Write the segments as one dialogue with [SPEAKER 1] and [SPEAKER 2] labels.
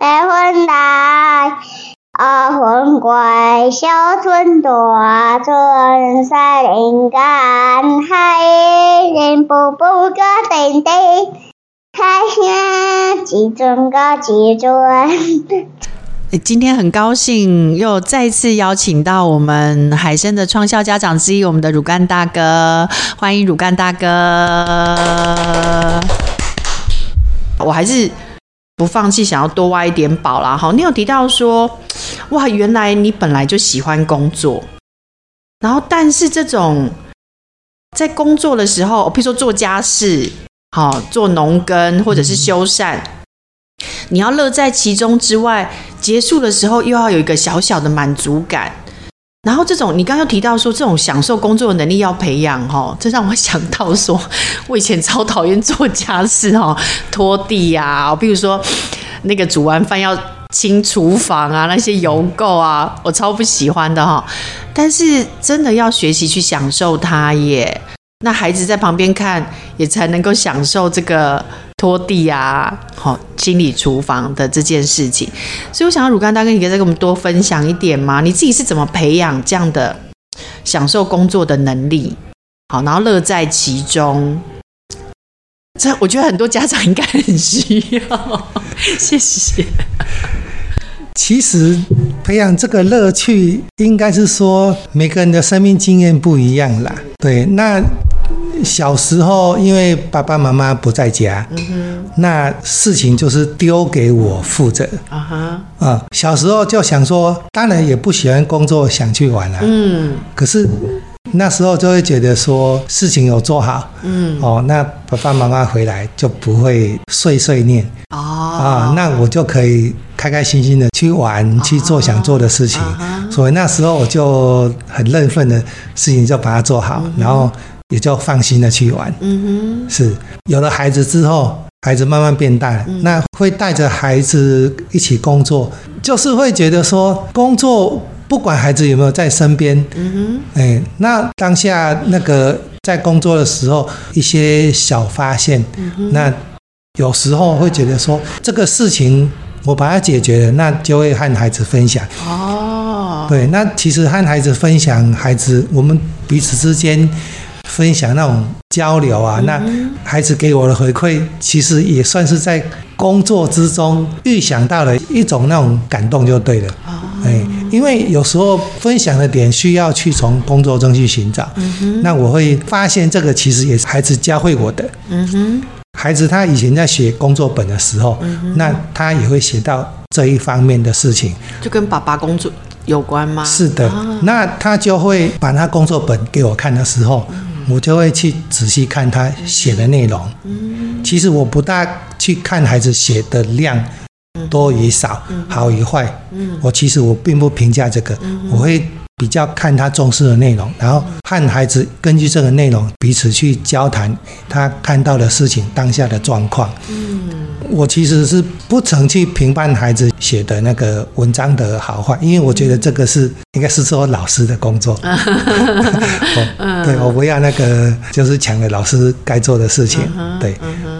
[SPEAKER 1] 白昏帶，二昏怪，小春短，春山連，海人步步加進進，哈哈，自在加自在。今天很高興又再次邀請到我們海生的創校家長之一，我們的儒淦大哥，歡迎儒淦大哥。 我還是。不放棄，想要多挖一點寶啦！好，你有提到說，哇，原來你本來就喜歡工作，然後但是這種在工作的時候，譬如說做家事，好，做農耕或者是修繕、嗯，你要樂在其中之外，結束的時候又要有一個小小的滿足感。然後這種，你剛剛提到說這種享受工作的能力要培養，哦，這讓我想到說，我以前超討厭做家事，哈，拖地呀、啊，比如說那個煮完飯要清廚房啊，那些油垢啊，我超不喜歡的，哈。但是真的要學習去享受它耶。那孩子在旁邊看，也才能夠享受這個拖地啊、好清理廚房的這件事情。所以我想要，儒淦大哥，你可以再跟我們多分享一點嗎？你自己是怎麼培養這樣的享受工作的能力？好，然後樂在其中。這我覺得很多家長應該很需要。謝謝。
[SPEAKER 2] 其實培養這個樂趣，應該是說每個人的生命經驗不一樣啦。對，那。小時候，因為爸爸媽媽不在家，嗯，那事情就是丟給我負責，啊、嗯、哈，啊、嗯，小時候就想說，當然也不喜歡工作，想去玩了，啊，嗯，可是那時候就會覺得說事情有做好，嗯，哦，那爸爸媽媽回來就不會碎碎念，
[SPEAKER 1] 啊、哦嗯，那
[SPEAKER 2] 我就可以開開心心的去玩，去做想做的事情，嗯，所以那時候我就很認分的事情就把它做好，嗯，然後。也就放心的去玩。嗯哼，是有了孩子之後，孩子慢慢變大了，嗯，那會帶着孩子一起工作，就是會覺得說，工作不管孩子有沒有在身邊。嗯哼，誒、欸，那當下那個在工作的時候一些小發現，嗯哼，那有時候會覺得說，這個事情我把它解決了，那就會和孩子分享。
[SPEAKER 1] 哦，對，
[SPEAKER 2] 那其實和孩子分享，孩子我們彼此之間。分享那種交流啊，嗯、那孩子給我的回饋，其實也算是在工作之中預想到了一種那種感動就對了。哦、因為有時候分享的點需要去從工作中去尋找、嗯。那我會發現這個其實也是孩子教會我的。嗯哼，孩子他以前在寫工作本的時候，嗯、那他也會寫到這一方面的事情，
[SPEAKER 1] 就跟爸爸工作有關嗎？是的，啊、
[SPEAKER 2] 那他就會把他工作本給我看的時候。我就會去仔細看他寫的內容。其實我不大去看孩子寫的量多與少，好與壞。我其實我並不評價這個。我會比較看他重視的內容，然後看孩子根據這個內容彼此去交談他看到的事情，當下的狀況。我其實是不曾去評判孩子寫的那個文章的好壞，因為我覺得這個是應該是做老師的工作。哈哈哈
[SPEAKER 1] 哈哈。我
[SPEAKER 2] 不要那個，就是搶了老師該做的事情。Uh -huh, uh -huh. 對，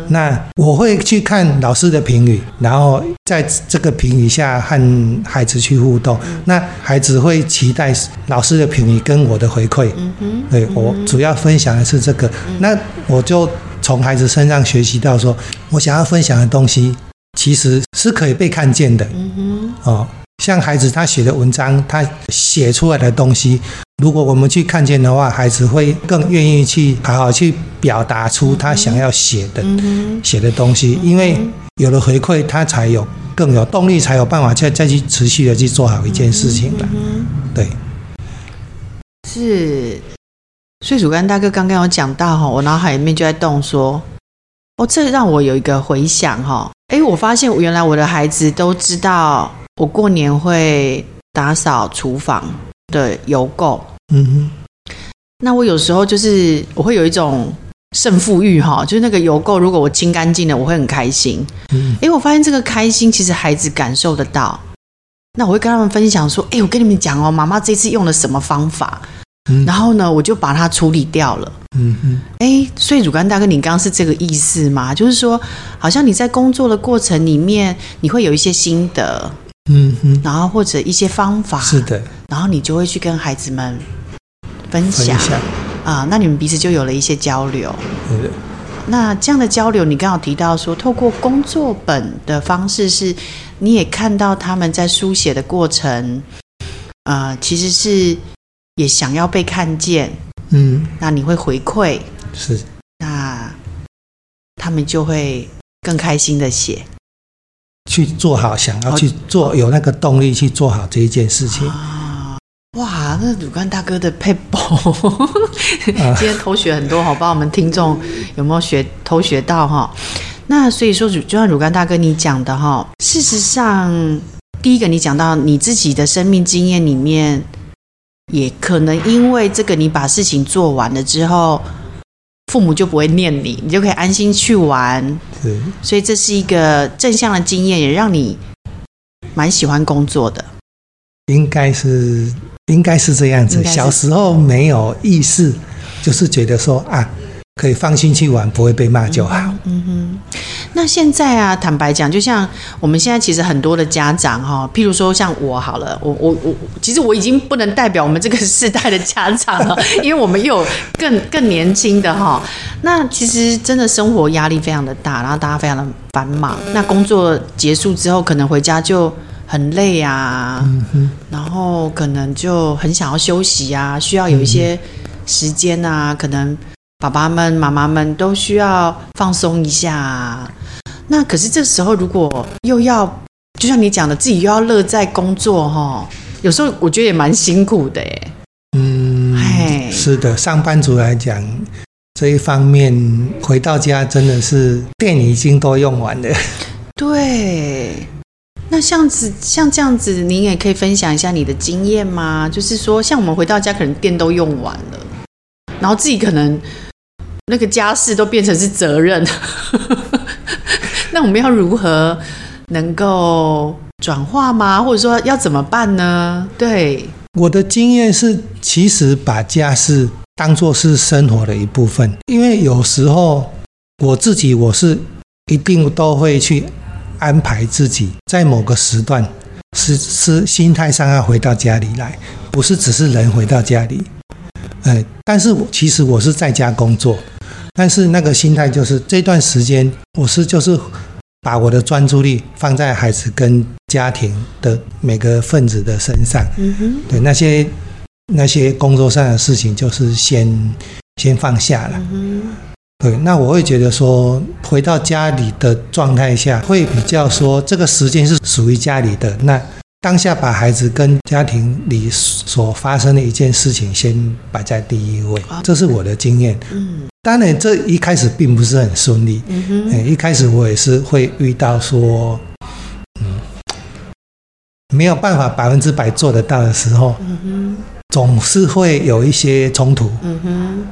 [SPEAKER 2] 那我會去看老師的評語，然後在這個評語下和孩子去互動。Uh -huh. 那孩子會期待老師的評語跟我的回饋。Uh -huh, uh -huh. 對，我主要分享的是這個。那我就從孩子身上學習到，說我想要分享的東西其實是可以被看見的。嗯、uh -huh. 哦。像孩子他寫的文章，他寫出來的東西，如果我們去看見的話，孩子會更願意去好好去表達出他想要寫的、嗯、寫的東西、嗯，因為有了回饋，他才有更有動力，才有辦法再再去持續的去做好一件事情的、嗯。對，
[SPEAKER 1] 是，所以儒淦大哥剛剛有講到哈，我腦海裡面就在動，說，哦，這讓我有一個回想哈，哎，我發現原來我的孩子都知道。我過年會打掃廚房的油垢，嗯哼，那我有時候就是我會有一種勝負慾哈、哦，就是那個油垢如果我清乾淨了，我會很開心，嗯，因為我發現這個開心其實孩子感受得到，那我會跟他們分享說，哎，我跟你們講哦，媽媽這次用了什麼方法、嗯，然後呢，我就把它處理掉了，嗯哼，哎，所以儒淦大哥，你剛剛是這個意思嗎？就是說，好像你在工作的過程裡面，你會有一些心得。嗯哼，然後或者一些方法是的，然後你就會去跟孩子們分享啊、呃，那你們彼此就有了一些交流。那這樣的交流，你剛好提到說，透過工作本的方式是，是你也看到他們在書寫的過程，呃，其實是也想要被看見。
[SPEAKER 2] 嗯，
[SPEAKER 1] 那你會回饋，是那他們就會更開心的寫，去做
[SPEAKER 2] 好，想要去做，哦哦，有那個動力去做好這一件事情
[SPEAKER 1] 啊！哇，那儒淦大哥的撇步， 今天偷學很多不知道，呃，好好，我們聽眾有沒有學偷學到哈？那所以說，就像儒淦大哥你講的哈，事實上，第一個你講到你自己的生命經驗裡面，也可能因為這個，你把事情做完了之後。父母就不會念你，你就可以安心去玩。對，所以這是一個正向的經驗，也讓你蠻喜歡工作的。
[SPEAKER 2] 應該是，應該是這樣子。小時候沒有意識，就是覺得說啊，可以放心去玩，不會被罵就好。嗯，嗯哼。
[SPEAKER 1] 那現在啊，坦白講，就像我們現在其實很多的家長哈、哦，譬如說像我好了，我我我，其實我已經不能代表我們這個世代的家長了， 因為我們又有更更年輕的哈、哦。那其實真的生活壓力非常的大，然後大家非常的繁忙。那工作結束之後，可能回家就很累啊、嗯，然後可能就很想要休息啊，需要有一些時間啊、嗯，可能。爸爸們、媽媽們都需要放鬆一下啊。那可是這時候，如果又要就像你講的，自己又要樂在工作，哈，有時候我覺得也蠻辛苦的
[SPEAKER 2] 欸，嗯，是的，上班族來講，這一方面，回到家真的是電已經都用完了。
[SPEAKER 1] 對，那像這樣子，像這樣子，您也可以分享一下你的經驗嗎？就是說，像我們回到家，可能電都用完了，然後自己可能。那個家事都變成是責任， 那我們要如何能夠轉化嗎？或者說要怎麼辦呢？對，我的經驗是，
[SPEAKER 2] 其實把家事當作是生活的一部分，因為有時候我自己我是一定都會去安排自己在某個時段是是心態上要回到家裡來，不是只是人回到家裡，哎、呃，但是我其實我是在家工作。但是那個心態就是這段時間，我是就是把我的專注力放在孩子跟家庭的每個分子的身上，嗯、對那些那些工作上的事情就是先先放下了、嗯，對。那我會覺得說，回到家裡的狀態下，會比較說這個時間是屬於家裡的。那當下把孩子跟家庭裡所發生的一件事情先擺在第一位、哦，這是我的經驗。嗯。當然，這一開始並不是很順利。嗯哼，誒，一開始我也是會遇到說，嗯，沒有辦法百分之百做得到的時候，嗯哼，總是會有一些衝突。嗯
[SPEAKER 1] 哼，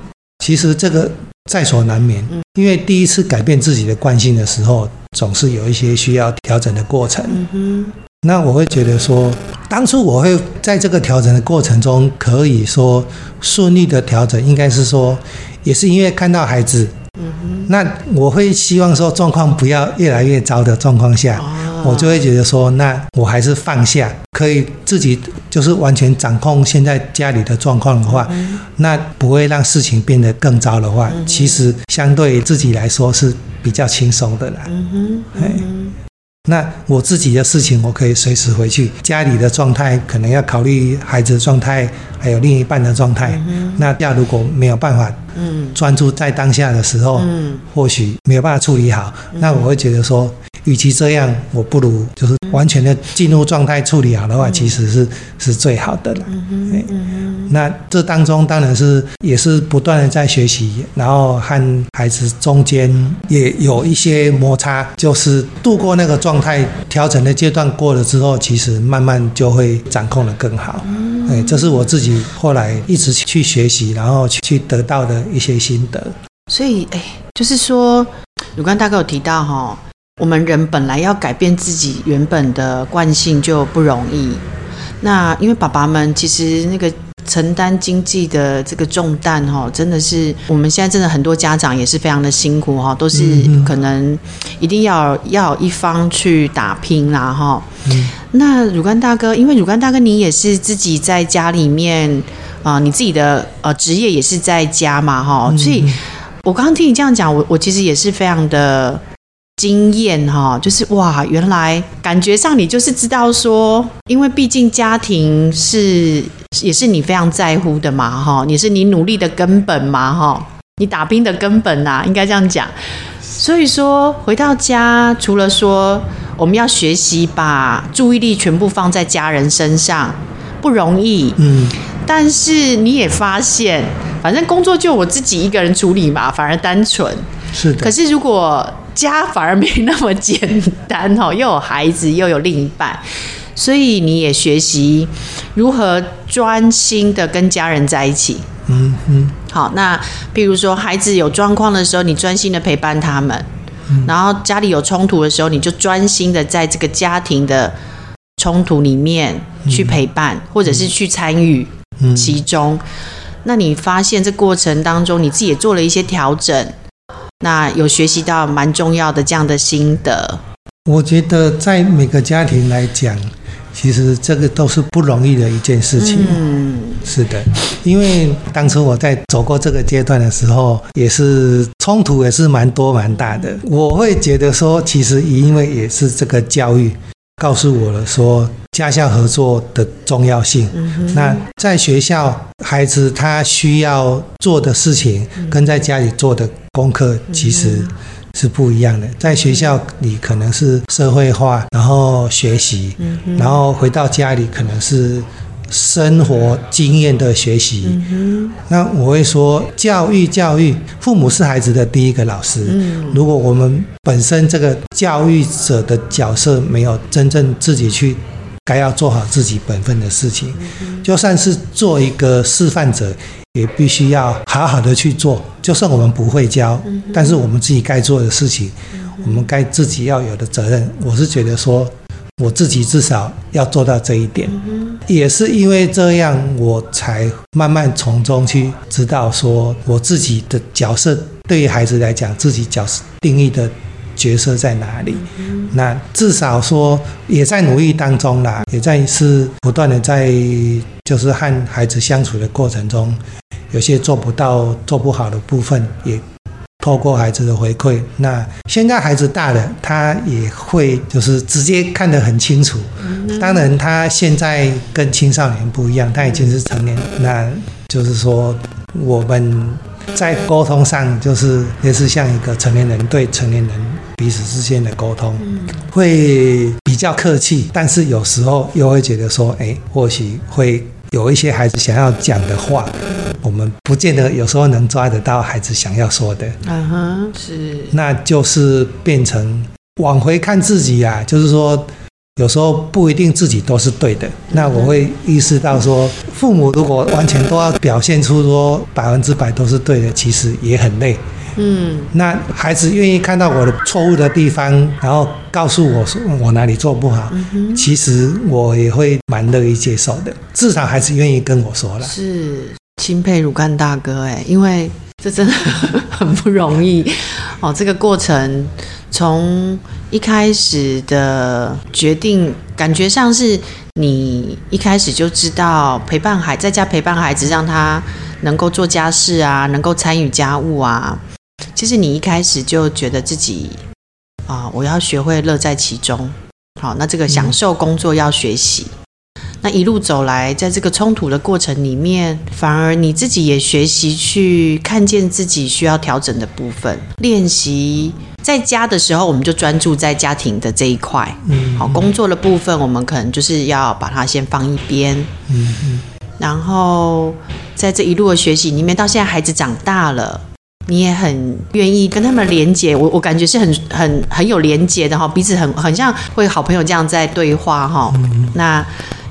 [SPEAKER 2] 其實這個在所難免。因為第一次改變自己的慣性的時候，總是有一些需要調整的過程。嗯哼，那我會覺得說，當初我會在這個調整的過程中，可以說順利的調整，應該是說。也是因為看到孩子，嗯、那我會希望說狀況不要越來越糟的狀況下、哦，我就會覺得說，那我還是放下，可以自己就是完全掌控現在家裡的狀況的話、嗯，那不會讓事情變得更糟的話、嗯、其實相對自己來說是比較輕鬆的啦。嗯哼，嗯哼那我自己的事情，我可以隨時回去。家裡的狀態可能要考慮孩子的狀態，還有另一半的狀態、嗯。那要如果沒有辦法，專注在當下的時候，嗯、或許沒有辦法處理好。嗯、那我會覺得說。與其這樣，我不如就是完全的進入狀態處理好的話，嗯、其實是是最好的啦。嗯嗯嗯，那這當中當然是也是不斷地在學習，然後和孩子中間也有一些摩擦，就是度過那個狀態調整的階段過了之後，其實慢慢就會掌控得更好。嗯，嗯，這是我自己後來一直去學習，然後去得到的一些心得。
[SPEAKER 1] 所以，哎、欸，就是說，儒淦大哥有提到哈。我們人本來要改變自己原本的慣性就不容易，那因為爸爸們其實那個承擔經濟的這個重擔哈、哦，真的是我們現在真的很多家長也是非常的辛苦哈、哦，都是可能一定要要一方去打拼啦、啊、哈、哦。Mm -hmm. 那儒淦大哥，因為儒淦大哥你也是自己在家裡面啊、呃，你自己的呃職業也是在家嘛哈、哦，所以我剛剛聽你這樣講，我我其實也是非常的。經驗哈，就是哇，原來感覺上你就是知道說，因為畢竟家庭是也是你非常在乎的嘛哈，也是你努力的根本嘛哈，你打拼的根本吶、啊，應該這樣講。所以說回到家，除了說我們要學習把注意力全部放在家人身上，不容易，嗯，但是你也發現，反正工作就我自己一個人處理嘛，反而單純，是的。可是如果家反而沒那麼簡單哦、喔，又有孩子，又有另一半，所以你也學習如何專心的跟家人在一起。嗯嗯，好，那譬如說孩子有狀況的時候，你專心的陪伴他們，嗯、然後家裡有衝突的時候，你就專心的在這個家庭的衝突裡面去陪伴，嗯、或者是去參與其中、嗯嗯。那你發現這過程當中，你自己也做了一些調整。那有學習到蠻重要的這樣的心得。
[SPEAKER 2] 我覺得在每個家庭來講，其實這個都是不容易的一件事情。嗯，是的，因為當初我在走過這個階段的時候，也是衝突也是蠻多蠻大的。我會覺得說，其實因為也是這個教育告訴我了說家校合作的重要性。那在學校，孩子他需要做的事情，跟在家裡做的。功課其實是不一樣的，在學校裡可能是社會化，然後學習，然後回到家裡可能是生活經驗的學習。那我會說，教育教育，父母是孩子的第一個老師。如果我們本身這個教育者的角色沒有真正自己去該要做好自己本分的事情，就算是做一個示範者，也必須要好好的去做，就算我們不會教，嗯、但是我們自己該做的事情，嗯、我們該自己要有的責任，我是覺得說，我自己至少要做到這一點。嗯、也是因為這樣，我才慢慢從中去知道說，說我自己的角色對於孩子來講，自己角色定義的。角色在哪裡？那至少說也在努力當中啦，也在是不斷的在就是和孩子相處的過程中，有些做不到、做不好的部分，也透過孩子的回饋。那現在孩子大了，他也會就是直接看得很清楚。當然，他現在跟青少年不一樣，他已經是成年，那就是說我們在溝通上就是也是像一個成年人對成年人。彼此之間的溝通會比較客氣，但是有時候又會覺得說，哎，或許會有一些孩子想要講的話，我們不見得有時候能抓得到孩子想要說的。
[SPEAKER 1] 啊、嗯、哼，是，那
[SPEAKER 2] 就是變成往回看自己呀、啊，就是說有時候不一定自己都是對的。那我會意識到說，父母如果完全都要表現出說百分之百都是對的，其實也很累。嗯，那孩子願意看到我的錯誤的地方，然後告訴我，說我哪裡做不好，嗯、其實我也會蠻樂意接受的。至少還是願意跟我說了。是
[SPEAKER 1] 欽佩儒淦大哥哎、欸，因為這真的很不容易 哦。這個過程從一開始的決定，感覺上是你一開始就知道陪伴孩在家陪伴孩子，讓他能夠做家事啊，能夠參與家務啊。其實你一開始就覺得自己，啊，我要學會樂在其中。好，那這個享受工作要學習。那一路走來，在這個衝突的過程裡面，反而你自己也學習去看見自己需要調整的部分，練習。在家的時候，我們就專注在家庭的這一塊。嗯，好，工作的部分，我們可能就是要把它先放一邊。嗯嗯。然後在這一路的學習裡面，到現在孩子長大了。你也很願意跟他們連接，我我感覺是很很很有連接的哈，彼此很很像會好朋友這樣在對話哈。那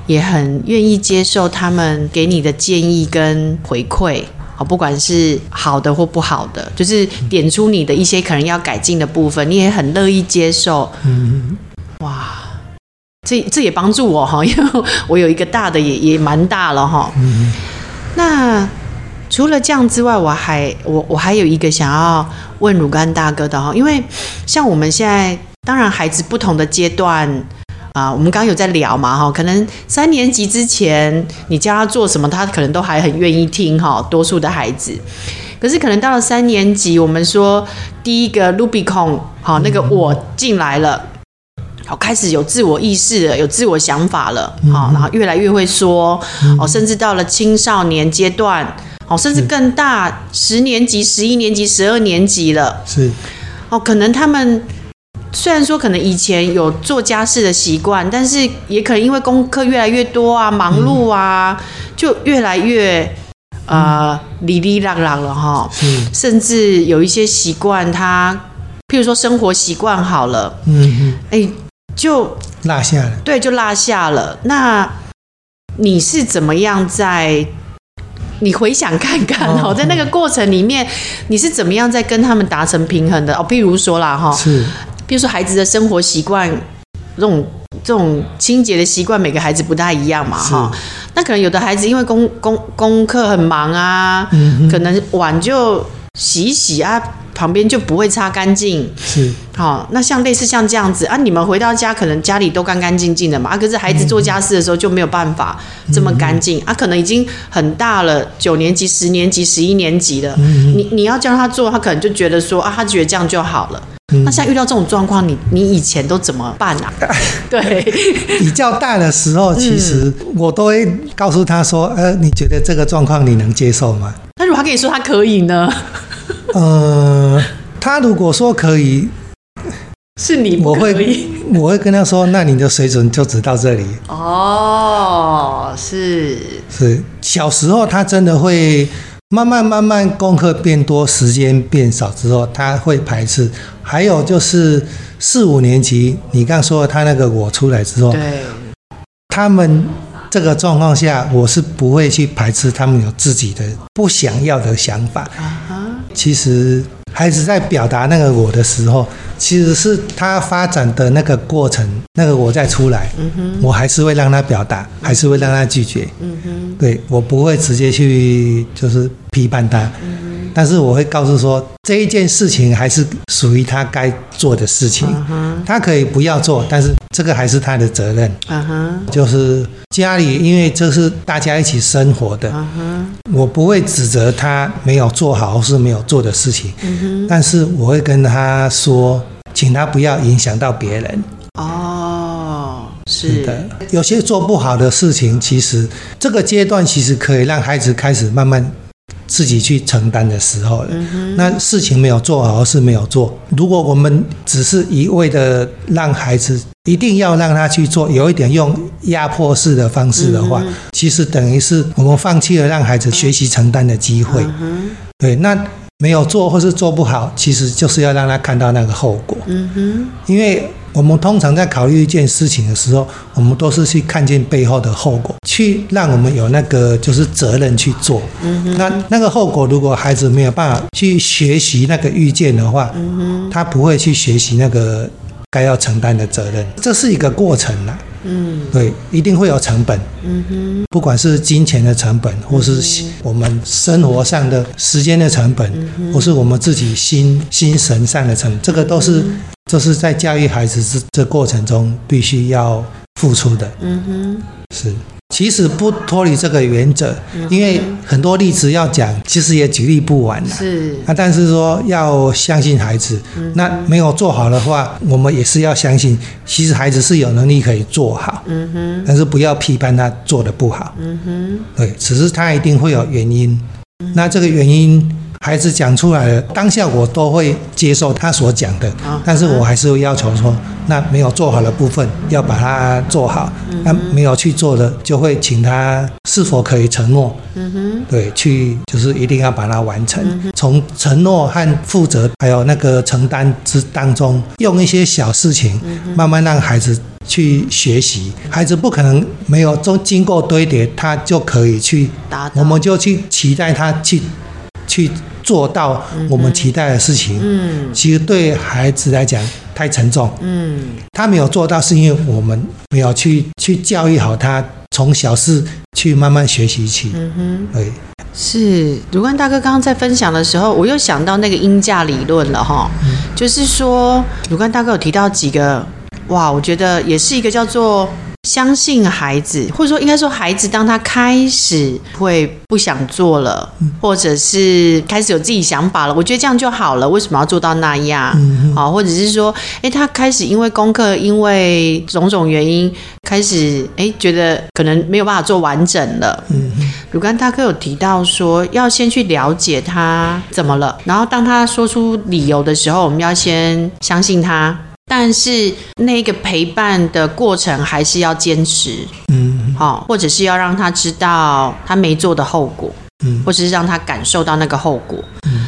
[SPEAKER 1] 也很願意接受他們給你的建議跟回饋，好，不管是好的或不好的，就是點出你的一些可能要改進的部分，你也很樂意接受。
[SPEAKER 2] 嗯，哇，
[SPEAKER 1] 這這也幫助我哈，因為我有一個大的也也蠻大了哈。嗯，那。除了這樣之外，我還我我還有一個想要問儒淦大哥的哈，因為像我們現在當然孩子不同的階段啊，我們剛剛有在聊嘛哈，可能三年級之前你教他做什麼，他可能都還很願意聽哈，多數的孩子，可是可能到了三年級，我們說第一個盧比孔，好，那個我進來了，好開始有自我意識了，有自我想法了，好，然後越來越會說哦，甚至到了青少年階段。甚至更大，十年級、十一年級、十二年級了。是，哦，可能他們雖然說可能以前有做家事的習慣，但是也可能因為功課越來越多啊，忙碌啊，嗯、就越來越呃，零零落落了哈、哦。甚至有一些習慣，他譬如說生活習慣好
[SPEAKER 2] 了，
[SPEAKER 1] 嗯、欸、就落下了。對，就落下了。那你是怎麼樣在？你回想看看，哦，在那個過程裡面，你是怎麼樣在跟他們達成平衡的？哦，譬如說啦，哈，是，譬如說孩子的生活習慣，這種這種清潔的習慣，每個孩子不太一樣嘛，哈，那可能有的孩子因為工工功功功課很忙啊，嗯、可能碗就洗一洗啊。旁邊就不會擦乾淨，是好、哦。那像類似像這樣子啊，你們回到家可能家裡都乾干淨淨的嘛、啊、可是孩子做家事的時候就沒有辦法這麼乾淨、嗯嗯、啊，可能已經很大了，九年級、十年級、十一年級了，嗯嗯你你要教他做，他可能就覺得說啊，他覺得這樣就好了。嗯、那像遇到這種狀況，你你以前都怎麼辦啊？啊，對，
[SPEAKER 2] 比較大的時候，嗯、其實我都會告訴他說，呃，你覺得這個狀況你能接受嗎？
[SPEAKER 1] 那如果他跟你說他可以呢？
[SPEAKER 2] 呃、嗯，他如果說可以，是你不可以，我會我會跟他說，那你的水準就只到這裡
[SPEAKER 1] 哦。是
[SPEAKER 2] 是，小時候他真的會慢慢慢慢功課變多，時間變少之後，他會排斥。還有就是四五年級，你剛說他那個我出來之後，對，他們這個狀況下，我是不會去排斥他們有自己的不想要的想法。其實，孩子在表達那個我的時候，其實是他發展的那個過程，那個我在出來。嗯哼，我還是會讓他表達，還是會讓他拒絕。嗯哼，對我不會直接去就是批判他。嗯哼。但是我會告訴說，這一件事情還是屬於他該做的事情，Uh-huh. 他可以不要做，但是這個還是他的責任。Uh-huh. 就是家裡，因為這是大家一起生活的。Uh-huh. 我不會指責他沒有做好或是沒有做的事情。
[SPEAKER 1] Uh-huh. 但是
[SPEAKER 2] 我會跟他說，請他不要影響到別人。
[SPEAKER 1] 哦，Uh-huh，是的，
[SPEAKER 2] 有些做不好的事情，其實這個階段其實可以讓孩子開始慢慢。自己去承擔的時候、嗯，那事情沒有做好或是沒有做。如果我們只是一味的讓孩子一定要讓他去做，有一點用壓迫式的方式的話，嗯、其實等於是我們放棄了讓孩子學習承擔的機會、嗯。對，那沒有做或是做不好，其實就是要讓他看到那個後果。嗯、因為。我們通常在考慮一件事情的時候，我們都是去看見背後的後果，去讓我們有那個就是責任去做。嗯、那那個後果，如果孩子沒有辦法去學習那個預見的話、嗯，他不會去學習那個該要承擔的責任。這是一個過程了、啊。嗯，對，一定會有成本。嗯嗯，不管是金錢的成本，或是我們生活上的時間的成本，嗯、或是我們自己心心神上的成本，這個都是，嗯、這是在教育孩子這這過程中必須要付出的。嗯嗯，是。其實不脫離這個原則、嗯，因為很多例子要講，其實也舉例不完，是啊，但是說要相信孩子、嗯，那沒有做好的話，我們也是要相信，其實孩子是有能力可以做好。嗯哼，但是不要批判他做得不好。嗯哼，對，只是他一定會有原因。嗯、那這個原因。孩子講出來了，當下我都會接受他所講的、嗯，但是我還是會要求說、嗯，那沒有做好的部分、嗯、要把它做好，那、嗯、沒有去做的就會請他是否可以承諾、嗯，對，去就是一定要把它完成。從、嗯、承諾和負責，還有那個承擔之當中，用一些小事情、嗯、慢慢讓孩子去學習、嗯。孩子不可能沒有做經過堆疊，他就可以去打打，我們就去期待他去。去做到我們期待的事情嗯，嗯，其實對孩子來講太沉重，嗯，他沒有做到是因為我們沒有去去教育好他，從小事去慢慢學習去，嗯哼，
[SPEAKER 1] 是。儒淦大哥剛剛在分享的時候，我又想到那個鷹架理論了哈、嗯，就是說，儒淦大哥有提到幾個，哇，我覺得也是一個叫做。相信孩子，或者說應該說孩子，當他開始會不想做了，或者是開始有自己想法了，我覺得這樣就好了。為什麼要做到那樣？嗯哼哦、或者是說，哎，他開始因為功課，因為種種原因，開始哎覺得可能沒有辦法做完整了。儒、嗯、淦大哥有提到說，要先去了解他怎麼了，然後當他說出理由的時候，我們要先相信他。但是那一個陪伴的過程還是要堅持，嗯，好，或者是要讓他知道他沒做的後果，嗯，或者是讓他感受到那個後果，嗯，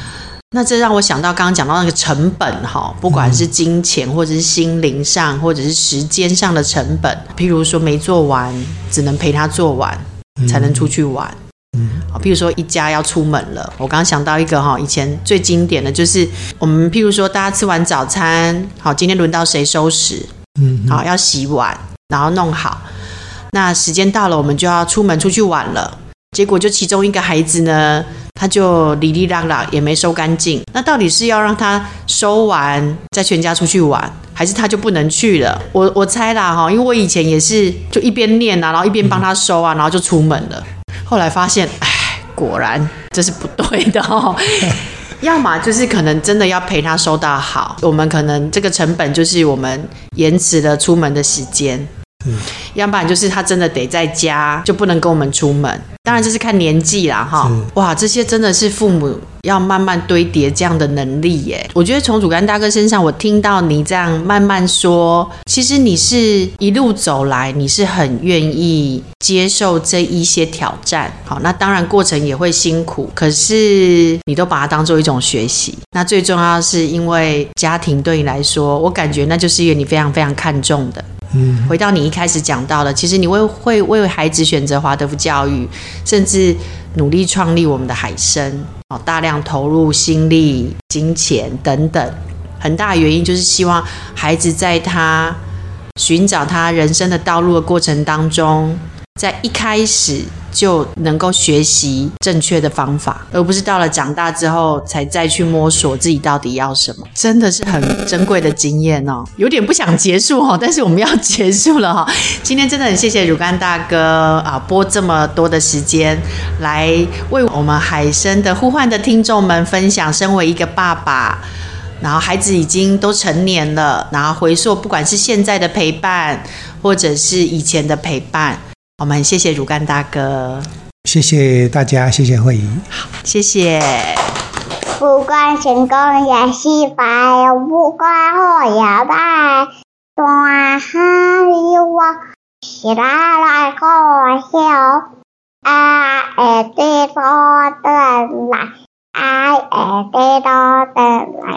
[SPEAKER 1] 那這讓我想到剛剛講到那個成本，哈，不管是金錢或者是心靈上或者是時間上的成本，譬如說沒做完，只能陪他做完，嗯，才能出去玩。嗯，嗯，好，譬如說一家要出門了，我剛剛想到一個哈，以前最經典的就是，我們譬如說大家吃完早餐，好，今天輪到誰收拾？嗯，嗯，好，要洗碗，然後弄好，那時間到了，我們就要出門出去玩了。結果就其中一個孩子呢，他就哩哩啦啦也沒收乾淨。那到底是要讓他收完再全家出去玩，還是他就不能去了？我我猜啦哈，因為我以前也是就一邊念啊，然後一邊幫他收啊，嗯，然後就出門了。後來發現，哎，果然這是不對的哦。 要麼就是可能真的要陪他收到好，我們可能這個成本就是我們延遲了出門的時間。嗯。要不然就是他真的得在家，就不能跟我們出門。當然這是看年紀啦，哈。哇，這些真的是父母要慢慢堆疊這樣的能力耶。我覺得從儒淦大哥身上，我聽到你這樣慢慢說，其實你是一路走來，你是很願意接受這一些挑戰。好，那當然過程也會辛苦，可是你都把它當做一種學習。那最重要的是因為家庭對你來說，我感覺那就是一個你非常非常看重的。嗯，回到你一開始講到的，其實你會會為孩子選擇華德福教育，甚至努力創立我們的海聲。哦，大量投入心力、金錢等等，很大原因就是希望孩子在他尋找他人生的道路的過程當中。在一開始就能夠學習正確的方法，而不是到了長大之後才再去摸索自己到底要什麼，真的是很珍貴的經驗哦。有點不想結束哦。但是我們要結束了哈、哦。 今天真的很謝謝儒淦大哥啊，撥這麼多的時間來為我們海聲的呼喚的聽眾們分享，身為一個爸爸，然後孩子已經都成年了，然後回溯，不管是現在的陪伴，或者是以前的陪伴。我們謝謝儒淦大哥，
[SPEAKER 2] 謝謝大家，謝謝惠
[SPEAKER 1] 姨，好，謝謝。不管成功也失敗，不管好也壞，多哈里我起來來高笑，愛愛多的人，愛愛多的人。